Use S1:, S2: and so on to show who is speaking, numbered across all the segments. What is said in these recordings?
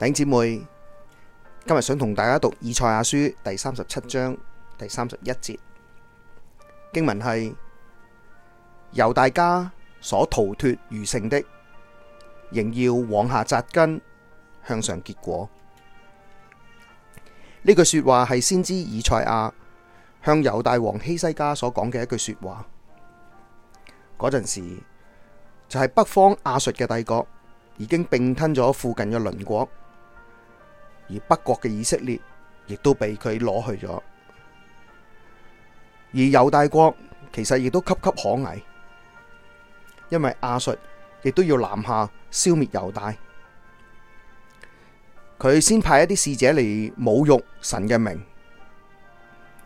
S1: 弟兄姊妹，今日想同大家讀以賽亞書第三十七章第三十一節經文係，猶大家所逃脫餘剩的，仍要往下紮根，向上結果。呢句說話係先知以賽亞向猶大王希西家所講嘅一句說話。嗰陣時就係北方亞述嘅帝國已經併吞咗附近嘅鄰國。而北國嘅以色列亦都被佢攞去咗，而猶大國其實亦都岌岌可危，因為亞述亦都要南下消滅猶大，佢先派一啲使者嚟侮辱神嘅名，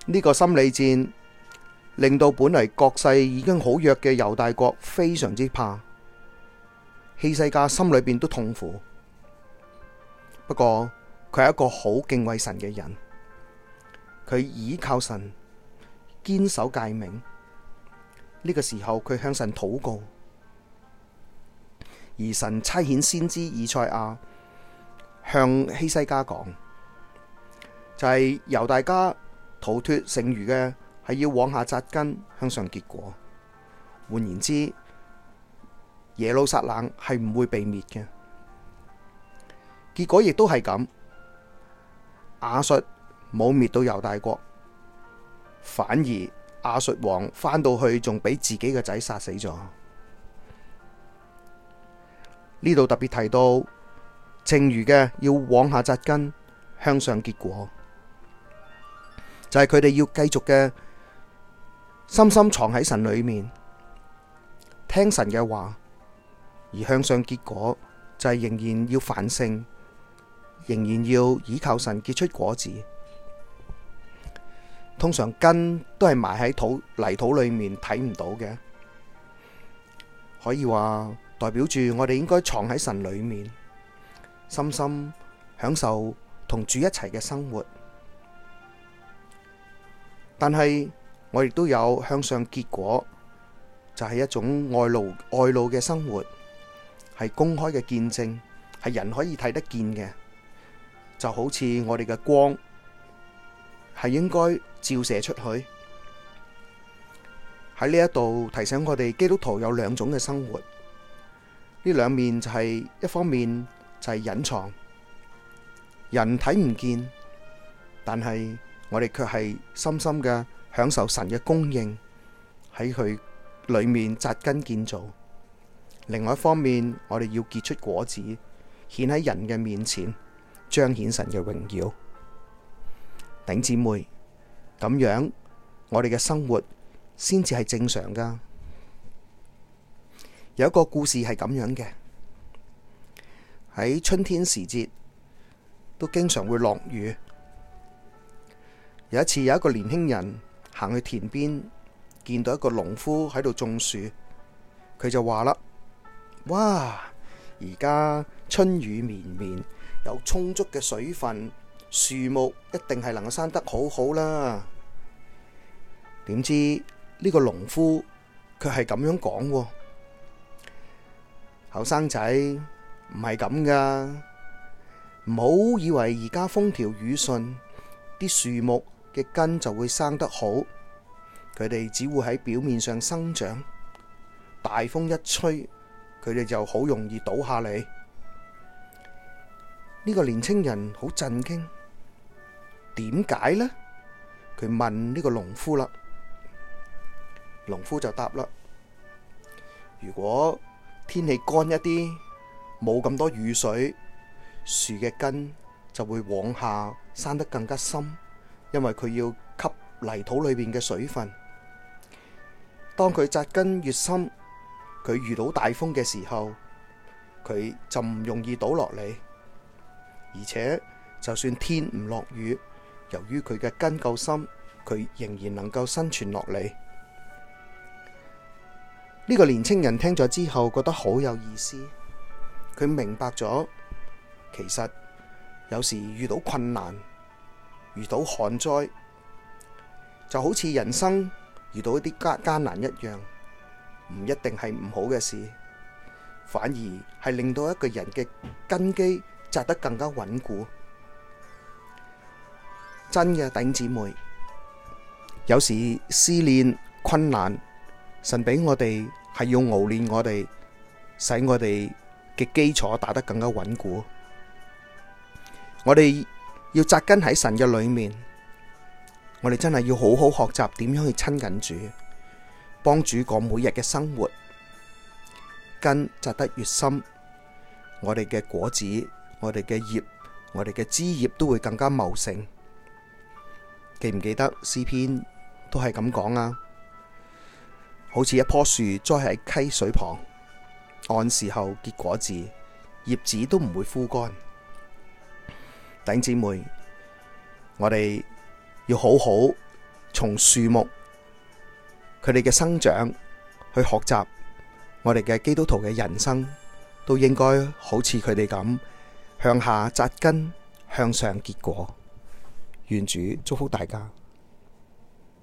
S1: 呢個心理戰令到本嚟國勢已經好弱嘅猶大國非常之怕，希西家心裏邊都痛苦，不過，佢係一個好敬畏神嘅人，佢倚靠神，堅守戒命呢個時候，佢向神禱告，而神差遣先知以賽亞向希西家講，就係猶大家逃脱餘剩嘅係要往下紮根，向上結果。換言之，耶路撒冷係唔會被滅嘅，結果亦都係咁。亞述冇滅到猶大國，反而亞述王返到去仲俾自己嘅仔殺死咗。呢度特別提到，剩餘嘅要往下紮根，向上結果，就係佢哋要繼續嘅深深藏喺神裏面，聽神嘅話，而向上結果就係、是、仍然要反省，仍然要倚靠神結出果子。通常根都係埋喺土泥土裏面睇唔到嘅，可以話代表住我哋應該藏喺神裏面，深深享受同主一齊嘅生活。但係我亦都有向上結果，就係一種外露外露嘅生活，係公開嘅見證，係人可以睇得見嘅。就好似我哋嘅光係應該照射出去，喺呢一度提醒我哋基督徒有兩種嘅生活，呢兩面就係一方面就係隱藏，人睇唔見，但係我哋卻係深深嘅享受神嘅供應喺佢裏面紮根建造；另外一方面，我哋要結出果子，顯喺人嘅面前。彰顯神嘅榮耀，頂姊妹咁樣，我哋嘅生活先至係正常噶有一個故事係咁樣嘅，喺春天時節都經常會落雨。有一次，有一個年輕人行去田邊，見到一個農夫喺度種樹，佢就話啦，哇，而家春雨綿綿。有充足嘅水分，樹木一定係能夠生得好好啦。點知呢個農夫卻係咁樣講：後生仔唔係咁噶，唔好以為而家風調雨順，啲樹木嘅根就會生得好，佢哋只會喺表面上生長，大風一吹，佢哋就好容易倒下嚟。呢個年青人好震驚，點解呢？佢問呢個農夫啦。農夫就答啦：如果天氣乾一啲，冇咁多雨水，樹嘅根就會往下生得更加深，因為佢要吸泥土裏邊嘅水分。當佢扎根越深，佢遇到大風嘅時候，佢就唔容易倒落嚟。而且就算天唔落雨，由於佢嘅根夠深，佢仍然能夠生存落嚟。呢、這個年青人聽咗之後，覺得好有意思。佢明白咗，其實有時遇到困難、遇到旱災，就好似人生遇到一啲艱艱難一樣，唔一定係唔好嘅事，反而係令到一個人嘅根基。紮得更加穩固，真嘅頂姊妹。有時試煉困難，神俾我哋係要熬練我哋，使我哋嘅基礎打得更加穩固。我哋要扎根喺神嘅裏面，我哋真係要好好學習點樣去親近主，幫主過每日嘅生活。根扎得越深，我哋嘅果子，我哋嘅葉，我哋嘅枝葉都會更加茂盛。記唔記得詩篇都係咁講啊？好似一棵樹栽喺溪水旁，按時候結果子，葉子都唔會枯乾。弟兄姊妹，我哋要好好從樹木佢哋嘅生長去學習，我哋嘅基督徒嘅人生都應該好似佢哋咁。向下紮根，向上結果。願主祝福大家。